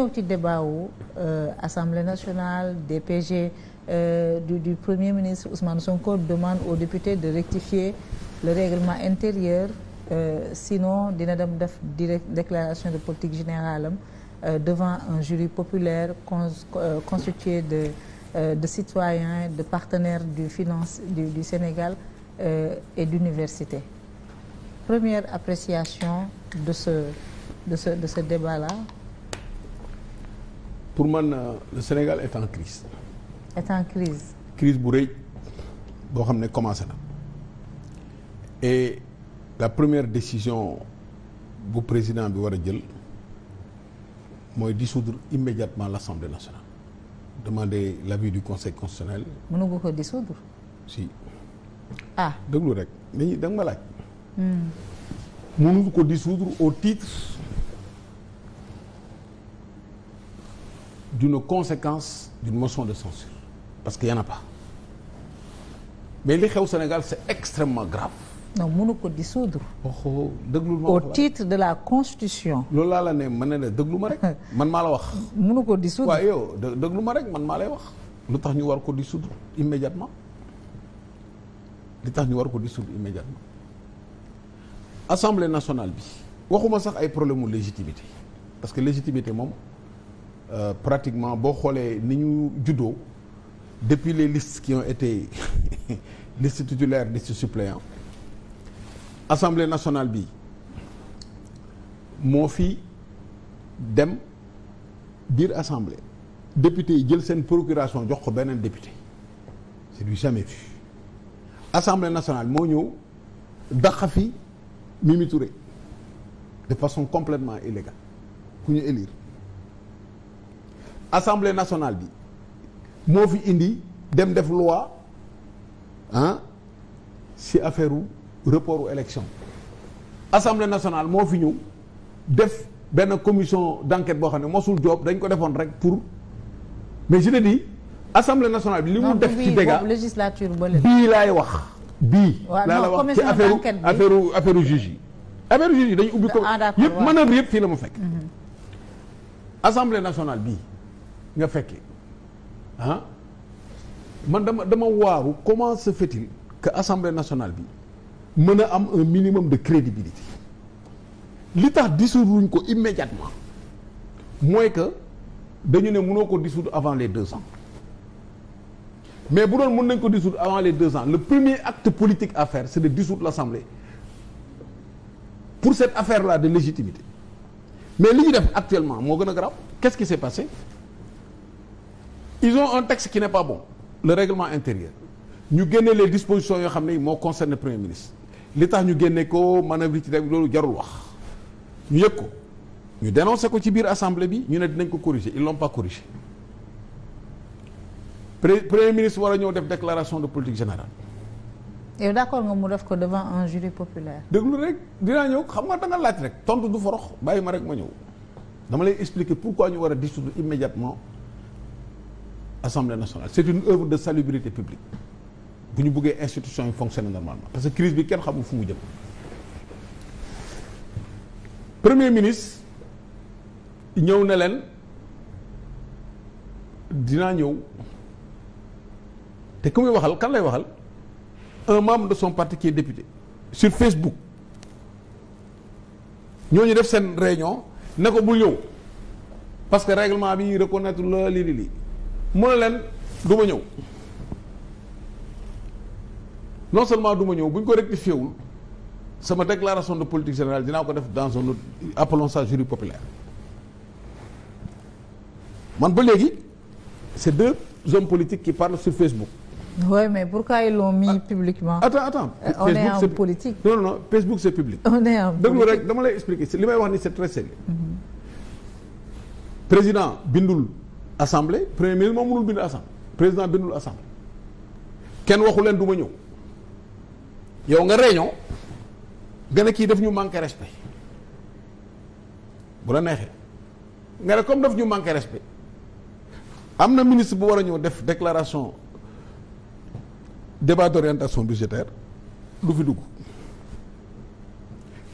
ñëw ci débat wu euh, assemblée nationale DPG pg euh, du du premier ministre son Sonko demande aux députés de rectifier le règlement intérieur euh, sinon dina dem def direct déclaration de politique générale am euh, devant un jury populaire con euh, constitué de de citoyens de partenaires du finance du, du Sénégal et d'université première appréciation de de ce de ce débat-là pour man euh, le Sénégal est en crise. est en crise. crise bu rëy boo xam ne commencé na et la première décision bu président bi war a jël mooy dissoudre immédiatement l'Assemblée nationale la l'avis du Conseil constitutionnel. mënu nga ko dissoudre. si. ah déglu rek dañuy da ma laaj. Hmm. mënuñu ko dissoudre au titre. d'une conséquence d'une motion de censure parce que y a pas mais li xew Sénégal c'est extrêmement grave. non mënu ko dissoudre. oh, oh déglu ma au titre de la constitution. loolu laa la ne ma ne la déglu ma rek man maa la wax. mënu ko dissoudre waaye yow déglu ma rek man maa lay wax. lu tax ñu war ko dissoudre immédiatement li tax ñu war ko dissoudre immédiatement. assemblée nationale bi waxuma sax ay problème mu légitimité parce que légitimité moom. Euh, pratiquement boo xoolee ni ñu juddoo depuis les listes qui ont été liste titulaire liste suppléant assemblée nationale bi moo fi dem biir assemblée député yi jël seen procuration jox ko beneen député c'est du jamais vu assemblée nationale moo ñëw daxa fi Mimi Touré de façon complètement illégale ku ñu élire assemblée nationale bi moo fi indi dem def loi ah si affaire u report u élection assemblée nationale moo fi ñëw def benn commission d'enquête boo xam ne mosul job dañ ko defoon rek pour mais je te dis assemblée nationale bi li mu def ci dégâts législature bii laay wax bii laa la wax ci affaire affaire affaire juge yi affaire juge yi dañu ubbi ko ah, yëpp manœuvre yëpp fii la ma fekk mhm. assemblée nationale bii nga fekkee ah man dama dama waaru comment se fait-il que assemblée nationale bi mën a am un minimum de crédibilité li tax dissoudre wuñ ko immédiatement mooy que dañu ne mënoo ko dissoudre avant les deux ans mais bu doon mën nañ ko dissoudre avant les deux ans le premier acte politique à faire c'est de dissoudre l'assemblée pour cette affaire-là de légitimité mais li ñu def actuellement moo gën a grave qu'est-ce qui s'est passé ils ont un texte qui n'est pas bon le règlement intérieur ñu génne les disposition yoo xam ne moo concerne premier ministre li tax ñu génne ko manœuvre yi ci dem loolu jarul wax ñu yëg ko ñu dénoncé ko ci biir assemblée bi ñu ne dinañ ko corriger ils l'ont pas corrigé premier ministre war a ñëw def déclaration de politique générale. yow d'accord nga mu def ko devant un jury populaire. déglu rek dinaa ñëw xam nga danga nga laaj rek tontu du forox bàyyi ma rek ma ñëw dama lay expliquer pourquoi ñu war a dissoudre immédiatement. assemblée nationale c'est une œuvre de salubrité publique bu ñu buggee institution yi fonctionner normalement parce que crise bi kenn xamul fu mu jëm premier ministre ñëw na leen dinaa ñëw te ku muy waxal kan lay waxal un membre de son parti qui est député sur Facebook ñu def seen réunion ne ko bul ñëw parce que règlement bi reconnaître la lii lii lii mu ne leen du ma ñëw non seulement duma ñëw bu ñu ko rectifié wul sama déclaration de politique générale dinaa ko def dans un autre sa ça jury populaire man ba léegi c'est deux hommes politiques qui parlent sur Facebook. oui mais pour ils l'ont mis ah, publiquement. attends attends euh, on Facebook, est en est, politique. non Facebook c'est public. rek dama lay expliquer li may wax ni c'est très sérieux. Mhm. président bindul. assemblée premier ministre moom mënul bind assemblée président bindul assemblée kenn waxu leen du ma ñëw yow nga réunion gën a kii daf ñu manqué respect bu la neexee nga ne comme daf ñu manqué respect am na ministre bu war a ñëw def déclaration débat d'orientation budgétaire du fi dugg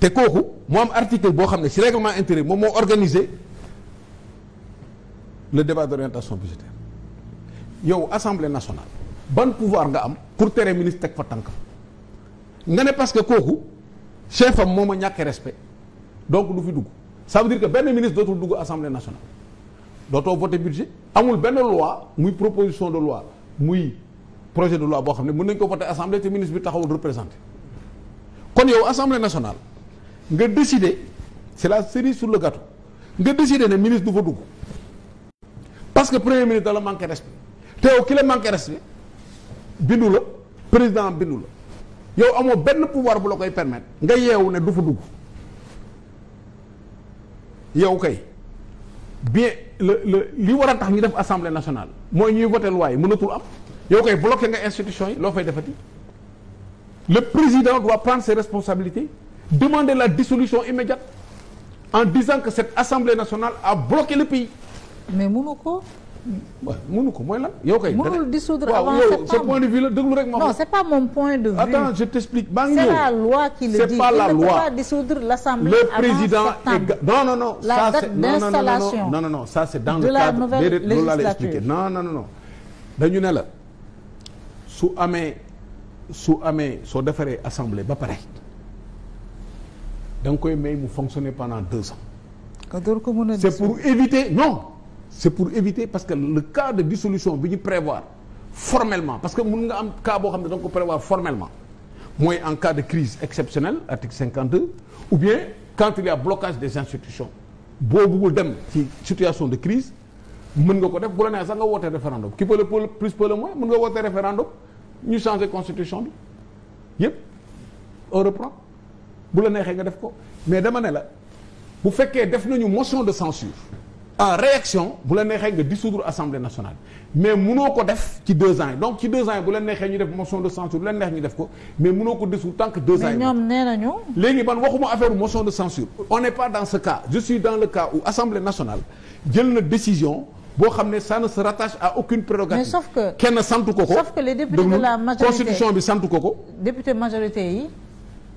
te kooku mu am article boo xam ne ci règlement intérieur moom moo organisé le débat d'orientation budgétaire yow assemblée nationale ban pouvoir nga am pour tere ministre teg fa tànkam nga ne parce que kooku chef am moo ma ñàkkee respect donc du fi dugg ça veut dire que benn ministre dootul dugg assemblée nationale dootoo voté budget amul benn loi muy proposition de loi muy projet de loi boo xam ne mën nañ ko voté assemblée te ministre bi taxawul représenté kon yow assemblée nationale nga décider c'est la cerise sur le gâteau nga décider ne ministre du fa dugg parce que premier ministre la manqué respect te yow ki la manqué respect bindu la président bindu la yow amoo benn pouvoir bu la koy permettre nga yeewu ne du fa dugg yow kay bien le le li war a tax ñu def assemblée nationale mooy ñuy voté loi yi mënatul am yow kay bloqué nga institution yi loo fay defati le président doit prendre ses responsabilités demander la dissolution immédiate en disant que cette assemblée nationale a bloqué le pays mais mënu ko. waaw ko mooy lan yow kay. mënul dissoudre avant septembre waaw yow point de vue la déglu rek. ma non c'est pas mon point de vue. attends je t'explique maa ngi ñëw c'est la loi la loi la date d'installation non non non ça dañu ne la su amee su amee soo defaree assemblée ba pare da koy may mu fonctionner pendant deux ans. c'est pour éviter non. c'est pour éviter parce que le cas de dissolution bi ñu prévoir formellement parce que mun nga am cas boo xam ne da ko prévoir formellement mooy en cas de crise exceptionnelle article 52 ou bien quand il y a blocage des institutions boo bëggul dem ci situation de crise mën nga ko def bu la neexee sax nga wootee référendum qui peut le plus peut le moins mën nga wootee référendum ñu changé constitution bi yëpp on bu la neexee nga def ko mais dama la bu fekkee def nañu motion de censure en réaction bu la neexee nga dissoudre assemblée nationale mais munoo ko def ci deux ans yi donc ci deux ans yi bu la neexee ñu def motion de censure bu la neex ñu def ko mais munoo ko dissoudre tant que deux mais ans yi ñoom nee nañu léegi man waxuma affaire motion de censure on n'est pas dans ce cas je suis dans le cas où assemblée nationale jël na décision boo xam ne ça ne se rattache à aucune prérogative. mais sauf que kenn sant ko ko. sauf que les députés la majorité bi sant ko ko. député majorité yi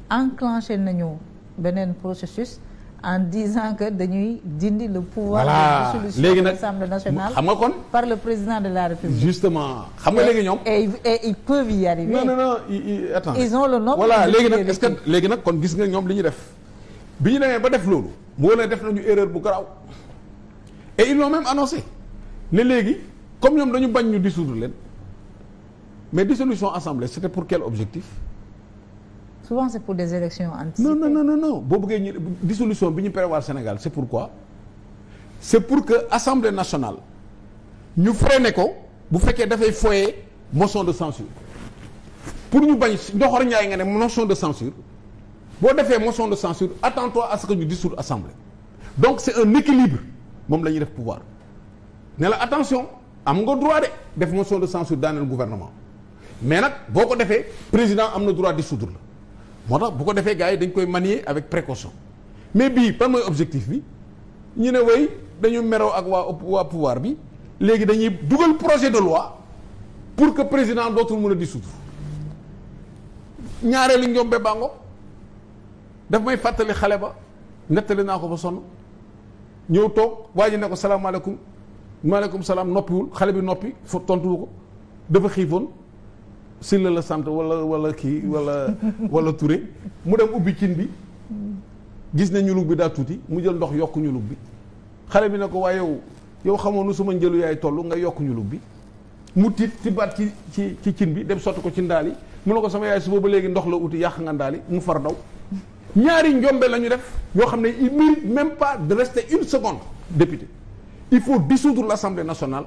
enclenché nañu beneen processus. en disant que dañuy dindi le pouvoir voilà. de dissolution de l'Assemblée nationale xam nga kon par le président de la République justement xam nga léegi ñoom et ils peuvent y arriver non non non ils, léegi nag est-ce léegi nag kon gis nga ñoom li ñu def bi ñu demee ba def loolu moo ne def ñu erreur bu garaaw et ils l'ont même annoncé ne léegi comme ñoom dañu bañ ñu dissoudre leen mais dissolution assemblée c'était pour quel objectif souvent c'est pour des élections anticipées. non non non non boo buggee ñu dissolution bi ñu prévoir Sénégal c'est pourquoi c'est pour que assemblée nationale ñu freiné ko bu fekkee dafay foyee motion de censure pour ñu bañ doxor ñaay nga ne motion de censure boo defee motion de censure attends-toi à ce que ñu dissoudre assemblée donc c'est un équilibre moom la ñuy def pouvoir ne la attention am nga droit de def motion de censure daaneel gouvernement mais nag boo ko defee président am na droit dissoudre la moo tax bu ko defee gars yi dañ koy manier avec précaution mais bii ban mooy objectif bi ñu ne way dañu meroo ak waa waa pouvoir bi léegi dañuy dugal projet de loi pour que président dootul mën a di dissoudre ñaareelu njombe bàngo daf may fàttali xale ba nettali naa ko ba sonn ñëw toog waa ji ne ko salaamaaleykum maaleykum salaam noppiwul xale bi noppi fa tontuwu ko dafa xiifoon si la sant wala wala kii wala wala Touré mu dem ubbi cin bi gis ne ñulug bi daal tuuti mu jël ndox yokk ñulug bi xale bi ne ko waaye yow yow xamoon nu sama njëlu yaay toll nga yokk ñulug bi mu tiit tibaat ci ci ci cin bi dem sotti ko ci ndaal mu ne ko sama yaay suba ba léegi ndox la uti yàq nga ndaal mu far daw ñaari njombe la ñu def yoo xam ne il mérite même pas de rester une seconde député il faut la l'Assemblée nationale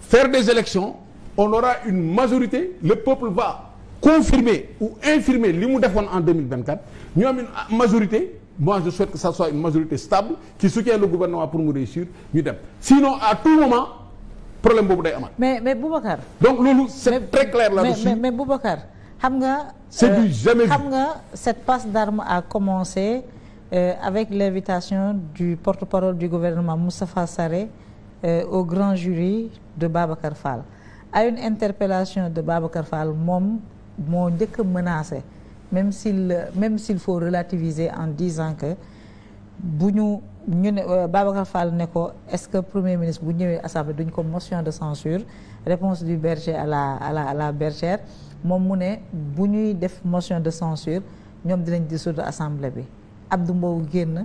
faire des élections on aura une majorité le peuple va confirmer ou infirmer li mu defoon en 2024 ñu am une majorité moi je souhaite que ça soit une majorité stable qui soutient le gouvernement pour mu réussir ñu dem sinon à tout moment problème boobu day amaat. mais mais Boubacar. donc loolu c' est mais, très clair là-dessus mais mais, mais Boubacar xam nga. c' est du euh, jamais xam nga cette passe d'armes a commencé euh, avec l'invitation du porte-parole du gouvernement Moustapha Sarré euh, au grand jury de Babacar Fall. à une interpellation de Babacar Fall moom moo njëkk a menacé même s'il même s'il faut relativiser en disant que bu ñu ñu ne euh, Babacar Fall ne ko est-ce que premier ministre bu ñëwee assemblée duñ ko motion de censure réponse du berger à la à la à la moom mu ne bu ñuy def motion de censure ñoom dinañ dissoudre assemblée bi Abdou Mbow génn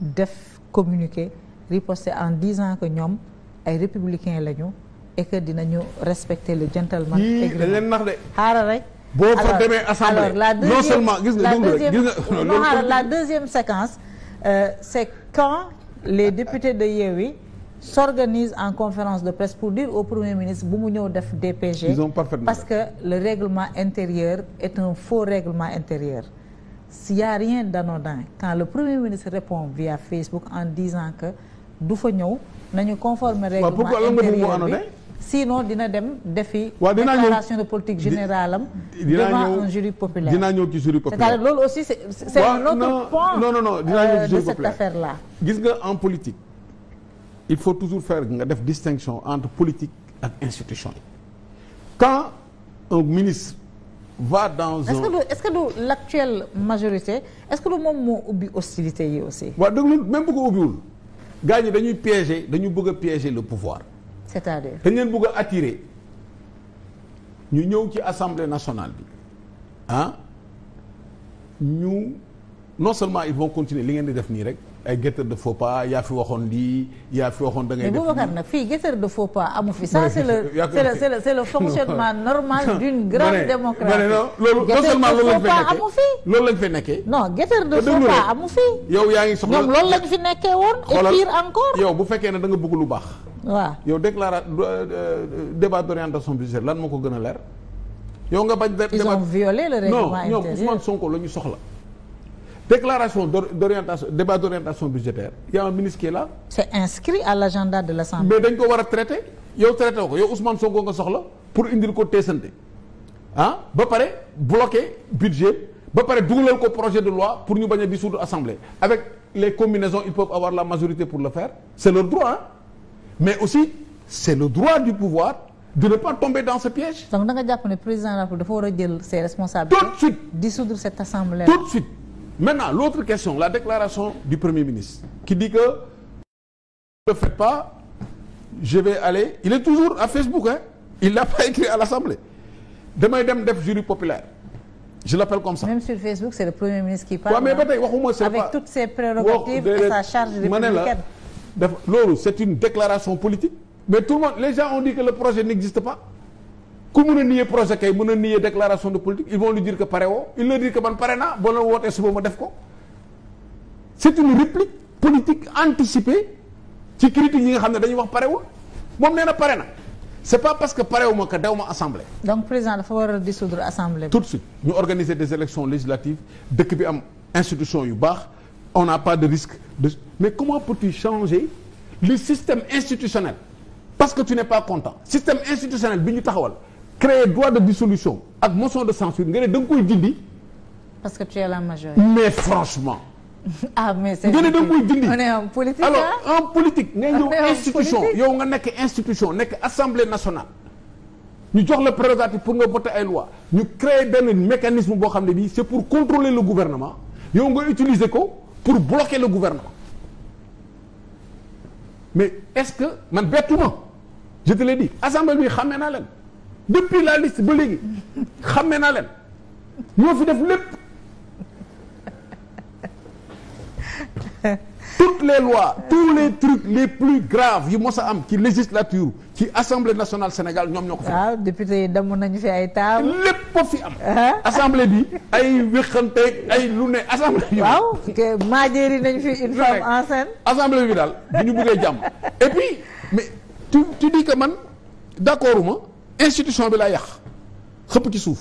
def communiqué riposté en disant que ñoom ay républicain lañu et que dinañu respecter le gentleman. yii hmm, leen nax de. xaaral rek. boo fa demee assemblée la deuxième séquence. Euh, c'est quand les députés de Yewwi s'organisent en conférence de presse pour dire au Premier ministre bu mu ñëw def DPG. Ils parce que le règlement intérieur est un faux règlement intérieur. S'il y a rien d'anodin quand le Premier ministre répond via Facebook en disant que du fa ñëw nañu conformer règlement intérieur bi. sinon dina dem defi. waaw dinaa ñëw déclaration de politique générale am. dinaa ñëw devant un jury populaire. dinaa ñëw ci jury populaire loolu aussi c'est un autre point. ñëw euh, de cette affaire là. gis nga en politique il faut toujours faire nga def distinction entre politique ak institution quand un ministre. va dans est est-ce que du l'actuelle majorité est-ce que moom moo ubbi hostilité yi aussi. waaw déglu même bu ko ubbiwul gars ñi dañuy piéger dañu bëgg a piéger le pouvoir. c'est-à-dire dañ leen attirer ñu ñëw ci assemblée nationale bi ah ñu non seulement ils vont continuer li ngeen di def nii rek ay guetteur de faux pas yaa fi waxoon lii yaa fi waxoon da ngay. def mais fii guetteur de faux amu fi. ça c'est le c'est le c'est le fonctionnement normal d'une grande démocratie. ma ne loolu non seulement loolu lañ fay nekkee loolu lañ fay nekkee. non guetteur de faux amu fi. yow yaa ngi soxla ñoom loolu lañ fi nekkee woon. et pire encore. yow bu fekkee ne danga nga bëgg lu baax. waaw yow déclara euh, euh, débat d'orientation budgétaire lan moo ko gën a leer. yow nga bañ. de ont violé Sonko la ñu soxla. déclaration d'orientation débat d'orientation budgétaire y a un ministre qui est là. c'est inscrit à l'agenda de l'Assemblée. mais dañ ko war a traiter yow traité ko yow Ousmane Sonko nga soxla pour indil ko teesante ah ba pare bloquer budget ba pare dugalal ko projet de loi pour ñu bañ a dissoudre assemblée avec les combinaisons ils peuvent avoir la majorité pour le faire c'est leur mais aussi c'est le droit du pouvoir de ne pas tomber dans ce piège. donc da nga jàpp ne président Raphaël dafa war a jël ses responsabilités. tout de suite dissoudre cette assemblée. tout de suite maintenant l'autre question la déclaration du premier ministre. qui dit que ne le faites pas je vais aller il est toujours à Facebook hein il l'a pas écrit à dem def jury populaire. je l'appelle c'est le premier ministre qui parle. mais ba tey waxuma c'est pas avec toutes ses prérogatives et sa charge républicaine. dafa loolu c'est une déclaration politique mais tout le monde les gens ont dit projet n'existe pas ku mën a nier projet kay mën a nier déclaration de politique ils vont lui pare woo ils leur dire que man pare boo leen wootee suba ma def ko c'est une réplique politique anticipée ci critique yi nga xam ne dañuy wax parewul moom nee na pare na c'est pas parce que parewu ma que ma assemblée. donc président dafa war a dissoudre assemblée. tout de suite ñu organiser des élections législatives dëkk bi am institution yu baax. on n'a pas de risque de mais comment peux-tu changer le système institutionnel parce que tu n'es pas content système institutionnel bi ñu taxawal créer droit de dissolution ak motion de censure nga ne da nga koy dindi. parce que tu es la mais franchement. ah mais c'est nga ne da nga koy dindi. on en politique alors en politique. ngay yow nga nekk institution nekk assemblée nationale. ñu jox la prérogative pour nga voter ay loi ñu créer benn mécanisme boo xam ne bi c'est pour contrôler le yow nga utiliser ko. pour bloquer le gouvernement mais est-ce que man bettuma je te l'ai dit assemblée bi xamee naa leen depuis la liste ba léegi xamee naa leen ñoo fi def lépp toutes les lois tous les trucs les plus graves yu mos a am ci législature ci assemblée nationale Sénégal ñoom ñoo ko. waaw député yi damm nañu fi ay taamu. lépp a fi am. Ah. assemblée bi ay wéqanteeg ay lu ne assemblée. bi waaw que maajeeri nañu fi daal bu ñu bëggee jàmm et puis mais tu tu dis que man d'accord institution bi lay yàq xëpp ci suuf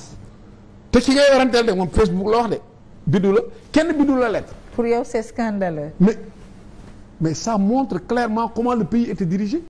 te ki ngay waranteel de moom Facebook la wax de biddu la kenn biddu la lettre. pour yow c'est scandaleux. mais mais sa montre clairement comment le pays était dirigé.